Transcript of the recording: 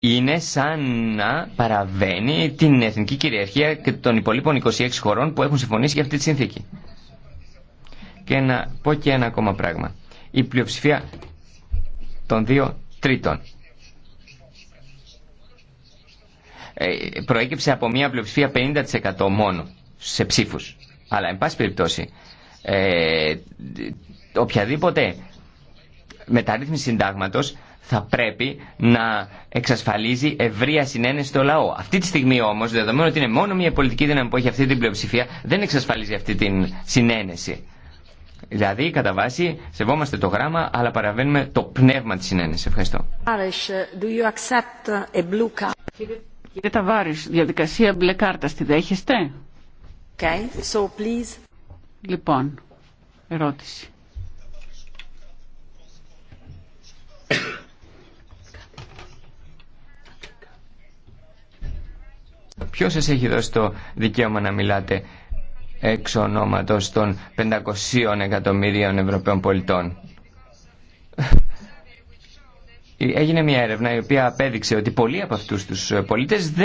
είναι σαν να παραβαίνει την εθνική κυριαρχία και των υπολείπων 26 χωρών που έχουν συμφωνήσει για αυτή τη συνθήκη. Και να πω και ένα ακόμα πράγμα. Η πλειοψηφία των δύο τρίτων ε, προέκυψε από μια πλειοψηφία 50% μόνο σε ψήφους. Αλλά, εν πάση περιπτώσει, ε, οποιαδήποτε μεταρρύθμιση συντάγματος θα πρέπει να εξασφαλίζει ευρεία συνένεση στο λαό. Αυτή τη στιγμή όμω, δεδομένου ότι είναι μόνο μια πολιτική δύναμη που έχει αυτή την πλειοψηφία, δεν εξασφαλίζει αυτή την συνένεση. Δηλαδή, κατά βάση, σεβόμαστε το γράμμα, αλλά παραβαίνουμε το πνεύμα τη συνένεση. Ευχαριστώ. Κύριε Ταβάρη, διαδικασία μπλε κάρτα τη δέχεστε? Okay, so please. Λοιπόν, ερώτηση. Ποιος σας έχει δώσει το δικαίωμα να μιλάτε έξω ονόματος των 500 εκατομμυρίων Ευρωπαίων πολιτών. Έγινε μια έρευνα η οποία απέδειξε ότι πολλοί από αυτούς τους πολίτες δεν